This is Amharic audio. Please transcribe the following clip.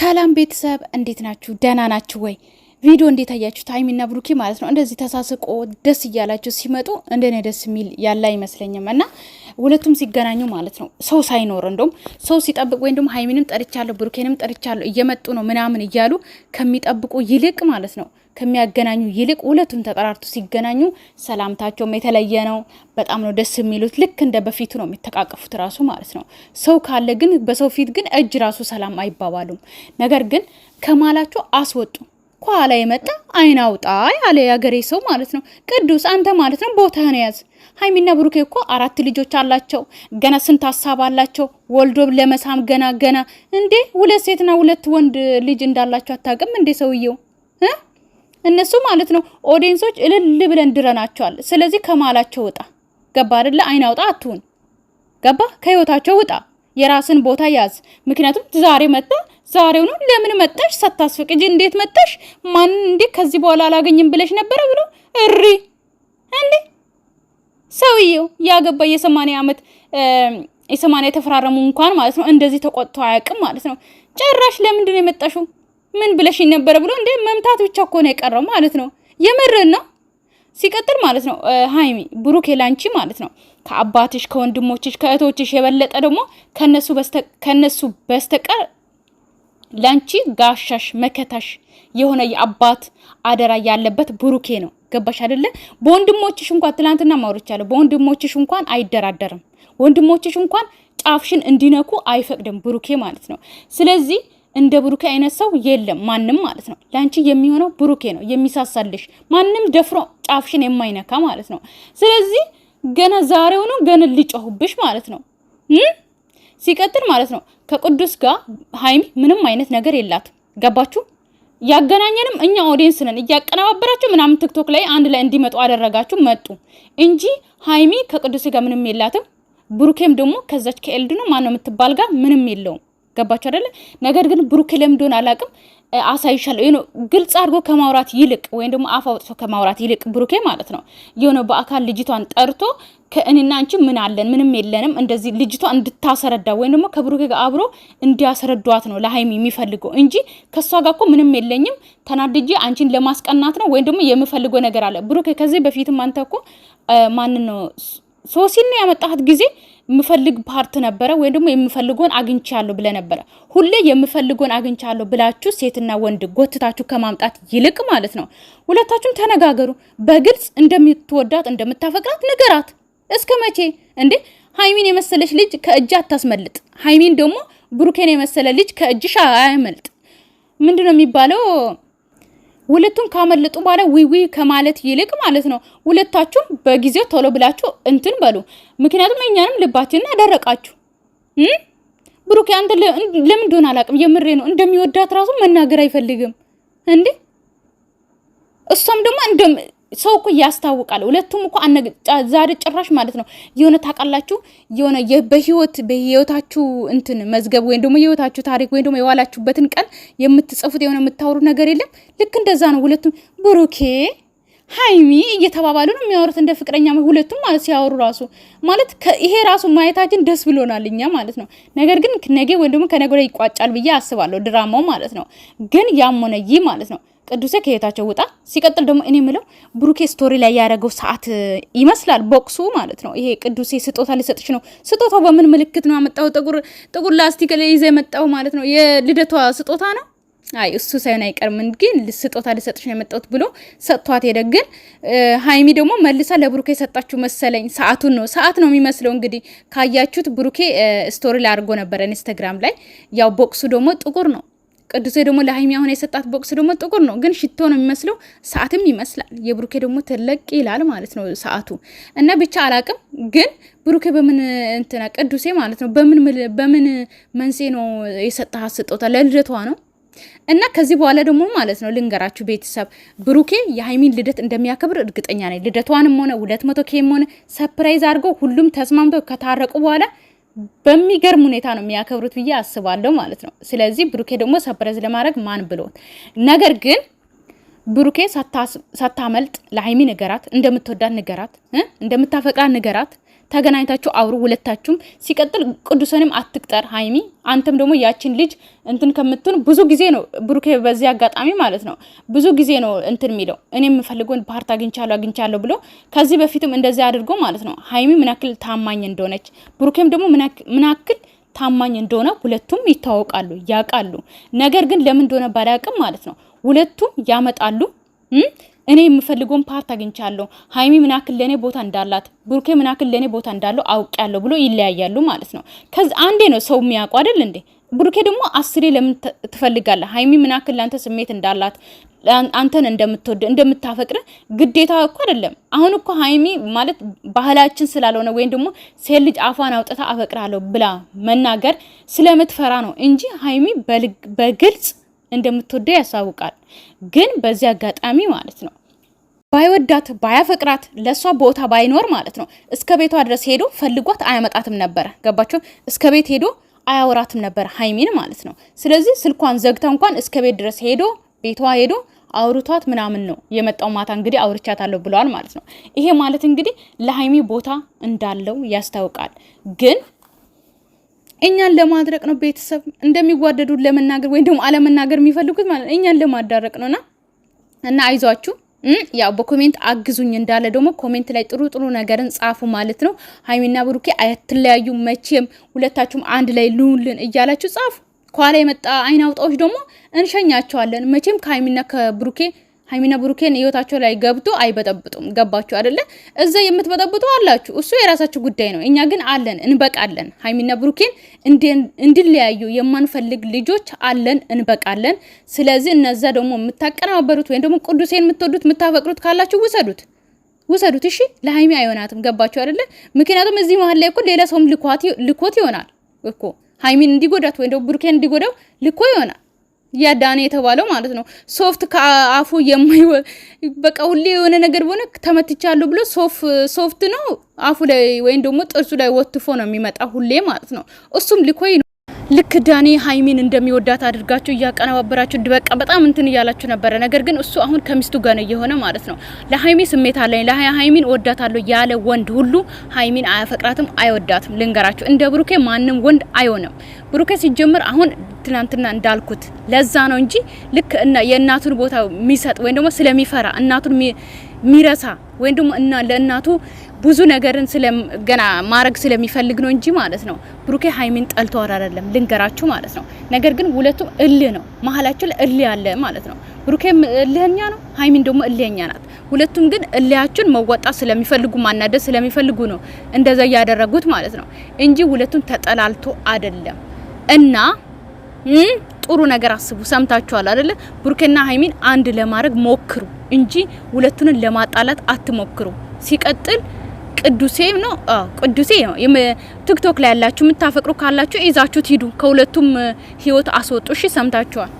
ሰላም ቤተሰብ እንዴት ናችሁ? ደህና ናችሁ ወይ? ቪዲዮ እንዴት አያችሁት? ሀይሚና ብሩኬ ማለት ነው እንደዚህ ተሳስቆ ደስ እያላቸው ሲመጡ እንደኔ ደስ የሚል ያለ አይመስለኝም። እና ሁለቱም ሲገናኙ ማለት ነው ሰው ሳይኖር እንደውም ሰው ሲጠብቅ ወይም ደግሞ ሀይሚንም ጠርቻለሁ ብሩኬንም ጠርቻለሁ እየመጡ ነው ምናምን እያሉ ከሚጠብቁ ይልቅ ማለት ነው ከሚያገናኙ ይልቅ ሁለቱም ተጠራርቶ ሲገናኙ ሰላምታቸውም የተለየ ነው። በጣም ነው ደስ የሚሉት። ልክ እንደ በፊቱ ነው የሚተቃቀፉት ራሱ ማለት ነው። ሰው ካለ ግን በሰው ፊት ግን እጅ ራሱ ሰላም አይባባሉም። ነገር ግን ከማላቸው አስወጡ ከኋላ የመጣ አይን አውጣ ያለ ያገሬ ሰው ማለት ነው። ቅዱስ አንተ ማለት ነው ነው ያዝ። ሀይሚና ብሩኬ እኮ አራት ልጆች አላቸው። ገና ስንት ሀሳብ አላቸው። ወልዶ ለመሳም ገና ገና እንዴ! ሁለት ሴትና ሁለት ወንድ ልጅ እንዳላቸው አታውቅም እንዴ ሰውየው እነሱ ማለት ነው ኦዲየንሶች እልል ብለን ድረናቸዋል። ስለዚህ ከማላቸው ውጣ። ገባ አይደለ? አይን አውጣ አትሁን። ገባ? ከህይወታቸው ውጣ። የራስን ቦታ ያዝ። ምክንያቱም ዛሬ መጣ ዛሬው ነው ለምን መጣሽ? ሳታስፈቅጂ እንዴት መጣሽ? ማን እንዴ ከዚህ በኋላ አላገኝም ብለሽ ነበረ ብሎ እሪ እንዴ ሰውየው ያገባ የሰማንያ ዓመት የሰማንያ የተፈራረሙ እንኳን ማለት ነው እንደዚህ ተቆጥቶ አያውቅም ማለት ነው። ጭራሽ ለምንድን ነው የመጣሽው? ምን ብለሽ ነበረ ብሎ እንዴ መምታት ብቻ እኮ ነው የቀረው ማለት ነው። የምርን ነው ሲቀጥል ማለት ነው ሀይሚ ብሩኬ ላንቺ ማለት ነው ከአባትሽ ከወንድሞችሽ ከእህቶችሽ የበለጠ ደግሞ ከነሱ በስተቀር ለአንቺ ጋሻሽ መከታሽ የሆነ የአባት አደራ ያለበት ብሩኬ ነው። ገባሽ አይደለ? በወንድሞችሽ እንኳን ትላንትና ማውርቻለሁ። በወንድሞችሽ እንኳን አይደራደርም። ወንድሞችሽ እንኳን ጫፍሽን እንዲነኩ አይፈቅድም ብሩኬ ማለት ነው። ስለዚህ እንደ ብሩኬ አይነት ሰው የለም ማንም ማለት ነው። ለአንቺ የሚሆነው ብሩኬ ነው የሚሳሳልሽ፣ ማንም ደፍሮ ጫፍሽን የማይነካ ማለት ነው። ስለዚህ ገና ዛሬውኑ ገና ልጮሁብሽ ማለት ነው። ሲቀጥል ማለት ነው ከቅዱስ ጋር ሀይሚ ምንም አይነት ነገር የላትም። ገባችሁ? ያገናኘንም እኛ ኦዲየንስ ነን። እያቀነባበራችሁ ምናምን ቲክቶክ ላይ አንድ ላይ እንዲመጡ አደረጋችሁ መጡ እንጂ ሀይሚ ከቅዱስ ጋር ምንም የላትም። ብሩኬም ደግሞ ከዛች ከኤልዱ ማነው የምትባል ጋር ምንም የለውም። ገባችሁ አደለ? ነገር ግን ብሩኬ ለምዶን አላቅም አሳይሻለሁ ይሄ ነው ግልጽ አድርጎ ከማውራት ይልቅ ወይም ደግሞ አፍ አውጥቶ ከማውራት ይልቅ ብሩኬ ማለት ነው የሆነ በአካል ልጅቷን ጠርቶ ከእኔና አንቺ ምን አለን ምንም የለንም እንደዚህ ልጅቷ እንድታስረዳ ወይም ደግሞ ከብሩኬ ጋር አብሮ እንዲያስረዷት ነው ለሀይሚ የሚፈልገው እንጂ ከእሷ ጋር እኮ ምንም የለኝም ተናድጄ አንቺን ለማስቀናት ነው ወይም ደግሞ የምፈልገው ነገር አለ ብሩኬ ከዚህ በፊትም አንተ እኮ ማንን ነው ሶሲን ነው ጊዜ የምፈልግ ፓርት ነበረ ወይም ደግሞ የምፈልገውን አግኝቻለሁ ብለ ነበረ። ሁሌ የምፈልገውን አግኝቻለሁ ብላችሁ ሴትና ወንድ ጎትታችሁ ከማምጣት ይልቅ ማለት ነው ሁለታችሁም ተነጋገሩ። በግልጽ እንደምትወዳት እንደምታፈቅራት ንገራት። እስከ መቼ እንዴ? ሀይሚን የመሰለች ልጅ ከእጅ አታስመልጥ። ሀይሚን ደግሞ ብሩኬን የመሰለ ልጅ ከእጅሽ አያመልጥ። ምንድነው የሚባለው? ሁለቱን ካመለጡ በኋላ ዊዊ ከማለት ይልቅ ማለት ነው ሁለታችሁም በጊዜው ቶሎ ብላችሁ እንትን በሉ። ምክንያቱም እኛንም ልባችንን አደረቃችሁ። ብሩኬ አንተ ለምን እንደሆነ አላውቅም፣ የምሬ ነው። እንደሚወዳት ራሱ መናገር አይፈልግም እንዴ እሷም ደግሞ ሰው እኮ ያስታውቃል። ሁለቱም እኮ ዛሬ ጭራሽ ማለት ነው የሆነ ታውቃላችሁ፣ የሆነ በህይወት በህይወታችሁ እንትን መዝገብ ወይም ደግሞ የህይወታችሁ ታሪክ ወይም ደግሞ የዋላችሁበትን ቀን የምትጽፉት የሆነ የምታወሩት ነገር የለም። ልክ እንደዛ ነው። ሁለቱም ብሩኬ ሀይሚ እየተባባሉ ነው የሚያወሩት እንደ ፍቅረኛ ሁለቱም ማለት ሲያወሩ ራሱ ማለት ይሄ ራሱ ማየታችን ደስ ብሎናል እኛ ማለት ነው። ነገር ግን ነገ ወይም ደግሞ ከነገ ይቋጫል ብዬ አስባለሁ ድራማው ማለት ነው። ግን ያም ሆነ ይህ ማለት ነው ቅዱሴ ከየታቸው ውጣ። ሲቀጥል ደግሞ እኔ ምለው ብሩኬ ስቶሪ ላይ ያደረገው ሰዓት ይመስላል ቦክሱ ማለት ነው። ይሄ ቅዱሴ ስጦታ ሊሰጥሽ ነው። ስጦታው በምን ምልክት ነው ያመጣው? ጥቁር ጥቁር ላስቲክ ላይ ይዘ የመጣው ማለት ነው። የልደቷ ስጦታ ነው። አይ እሱ ሳይሆን አይቀርም ግን ስጦታ ልሰጥሽ ነው የመጣሁት ብሎ ሰጥቷት ሄደ። ግን ሀይሚ ደግሞ መልሳ ለብሩኬ ሰጣችሁ መሰለኝ። ሰዓቱን ነው ሰዓት ነው የሚመስለው። እንግዲህ ካያችሁት ብሩኬ ስቶሪ ላይ አድርጎ ነበረ ኢንስታግራም ላይ። ያው ቦክሱ ደግሞ ጥቁር ነው ቅዱሴ ደግሞ ለሀይሚ አሁን የሰጣት ቦክስ ደግሞ ጥቁር ነው፣ ግን ሽቶ ነው የሚመስለው። ሰዓትም ይመስላል። የብሩኬ ደግሞ ተለቅ ይላል ማለት ነው ሰዓቱ እና ብቻ አላቅም። ግን ብሩኬ በምን እንትና ቅዱሴ ማለት ነው በምን በምን መንስኤ ነው የሰጣት ስጦታ? ለልደቷ ነው እና ከዚህ በኋላ ደግሞ ማለት ነው ልንገራችሁ ቤተሰብ ብሩኬ የሀይሚን ልደት እንደሚያከብር እርግጠኛ ነኝ። ልደቷንም ሆነ ሁለት መቶ ኬም ሆነ ሰፕራይዝ አድርገው ሁሉም ተስማምተው ከታረቁ በኋላ በሚገርም ሁኔታ ነው የሚያከብሩት ብዬ አስባለሁ ማለት ነው። ስለዚህ ብሩኬ ደግሞ ሰፕረዝ ለማድረግ ማን ብሎት ነገር ግን ብሩኬ ሳታመልጥ ለሀይሚ ንገራት፣ እንደምትወዳት ንገራት፣ እንደምታፈቅራት ንገራት። ተገናኝታችሁ አውሩ ሁለታችሁም። ሲቀጥል ቅዱስንም አትቅጠር ሀይሚ። አንተም ደግሞ ያችን ልጅ እንትን ከምትሆን ብዙ ጊዜ ነው ብሩኬ፣ በዚህ አጋጣሚ ማለት ነው ብዙ ጊዜ ነው እንትን የሚለው እኔ የምፈልገውን ፓርት አግኝቻለሁ አግኝቻለሁ ብሎ ከዚህ በፊትም እንደዚህ አድርጎ ማለት ነው ሀይሚ ምን ያክል ታማኝ እንደሆነች ብሩኬም ደግሞ ምን ያክል ታማኝ እንደሆነ ሁለቱም ይታወቃሉ ያውቃሉ። ነገር ግን ለምን እንደሆነ ባላውቅም ማለት ነው ሁለቱም ያመጣሉ እኔ የምፈልገውን ፓርት አግኝቻለሁ፣ ሀይሚ ምናክል ለእኔ ቦታ እንዳላት፣ ብሩኬ ምናክል ለእኔ ቦታ እንዳለው አውቅ ያለው ብሎ ይለያያሉ ማለት ነው። ከዚ አንዴ ነው ሰው የሚያውቁ አይደል እንዴ? ብሩኬ ደግሞ አስሬ ለምን ትፈልጋለህ? ሀይሚ ምናክል ለአንተ ስሜት እንዳላት አንተን እንደምትወድ እንደምታፈቅር ግዴታ እኮ አይደለም። አሁን እኮ ሀይሚ ማለት ባህላችን ስላልሆነ ወይም ደግሞ ሴት ልጅ አፏን አውጥታ አፈቅራለሁ ብላ መናገር ስለምትፈራ ነው እንጂ ሀይሚ በግልጽ እንደምትወደው ያሳውቃል። ግን በዚህ አጋጣሚ ማለት ነው ባይወዳት ባያፈቅራት ለእሷ ቦታ ባይኖር ማለት ነው እስከ ቤቷ ድረስ ሄዶ ፈልጓት አያመጣትም ነበረ። ገባቸው? እስከ ቤት ሄዶ አያወራትም ነበር ሀይሚን ማለት ነው። ስለዚህ ስልኳን ዘግታ እንኳን እስከ ቤት ድረስ ሄዶ ቤቷ ሄዶ አውርቷት ምናምን ነው የመጣው። ማታ እንግዲህ አውርቻታለሁ ብለዋል ማለት ነው። ይሄ ማለት እንግዲህ ለሀይሚ ቦታ እንዳለው ያስታውቃል። ግን እኛን ለማድረቅ ነው ቤተሰብ እንደሚዋደዱ ለመናገር ወይም ደግሞ አለመናገር የሚፈልጉት ማለት እኛን ለማዳረቅ ነውና እና አይዟችሁ ያው በኮሜንት አግዙኝ እንዳለ ደግሞ ኮሜንት ላይ ጥሩ ጥሩ ነገርን ጻፉ ማለት ነው። ሀይሚና ብሩኬ አትለያዩ መቼም፣ ሁለታችሁም አንድ ላይ ልውልን እያላችሁ ጻፉ። ከኋላ የመጣ አይን አውጣዎች ደግሞ እንሸኛቸዋለን መቼም ከሀይሚና ከብሩኬ ሀይሚና ብሩኬን ህይወታቸው ላይ ገብቶ አይበጠብጡም። ገባችሁ አደለ? እዛ የምትበጠብጡ አላችሁ፣ እሱ የራሳችሁ ጉዳይ ነው። እኛ ግን አለን፣ እንበቃለን። ሀይሚና ብሩኬን እንዲለያዩ የማንፈልግ ልጆች አለን፣ እንበቃለን። ስለዚህ እነዛ ደግሞ የምታቀናበሩት ወይም ደግሞ ቅዱሴን የምትወዱት የምታፈቅሩት ካላችሁ ውሰዱት ውሰዱት። እሺ ለሀይሚ አይሆናትም። ገባችሁ አይደለ? ምክንያቱም እዚህ መሀል ላይ እኮ ሌላ ሰውም ልኮት ይሆናል እኮ ሀይሚን እንዲጎዳት ወይም ደግሞ ብሩኬን እንዲጎዳው ልኮ ይሆናል። ያዳነ የተባለው ማለት ነው። ሶፍት ከአፉ የማይወ በቃ ሁሌ የሆነ ነገር በሆነ ተመትቻለሁ ብሎ ሶፍት ነው አፉ ላይ ወይም ደግሞ ጥርሱ ላይ ወትፎ ነው የሚመጣ ሁሌ ማለት ነው። እሱም ነው። ልክ ዳኒ ሀይሚን እንደሚወዳት አድርጋችሁ እያቀነባበራችሁ ድበቃ በጣም እንትን እያላችሁ ነበረ። ነገር ግን እሱ አሁን ከሚስቱ ጋር የሆነ ማለት ነው። ለሀይሚ ስሜት አለኝ ለሀይሚን ወዳታለሁ ያለ ወንድ ሁሉ ሀይሚን አያፈቅራትም፣ አይወዳትም። ልንገራችሁ እንደ ብሩኬ ማንም ወንድ አይሆንም። ብሩኬ ሲጀምር አሁን ትናንትና እንዳልኩት ለዛ ነው እንጂ ልክ የእናቱን ቦታ የሚሰጥ ወይም ደግሞ ስለሚፈራ እናቱን ሚረሳ ወይም ደግሞ እና ለእናቱ ብዙ ነገርን ገና ማድረግ ስለሚፈልግ ነው እንጂ ማለት ነው። ብሩኬ ሀይሚን ጠልተዋል አይደለም ልንገራችሁ ማለት ነው። ነገር ግን ሁለቱም እልህ ነው፣ መሀላቸው ላይ እልህ ያለ ማለት ነው። ብሩኬም እልህኛ ነው፣ ሀይሚን ደግሞ እልህኛ ናት። ሁለቱም ግን እልያችን መወጣት ስለሚፈልጉ ማናደድ ስለሚፈልጉ ነው እንደዛ ያደረጉት ማለት ነው እንጂ ሁለቱም ተጠላልቶ አይደለም እና ጥሩ ነገር አስቡ። ሰምታችኋል አይደለ? ብሩክና ሀይሚን አንድ ለማድረግ ሞክሩ እንጂ ሁለቱንን ለማጣላት አትሞክሩ። ሲቀጥል ቅዱሴ ነው ቅዱሴ ነው ቲክቶክ ላይ ያላችሁ የምታፈቅሩ ካላችሁ ይዛችሁት ሂዱ። ከሁለቱም ህይወት አስወጡ። እሺ ሰምታችኋል።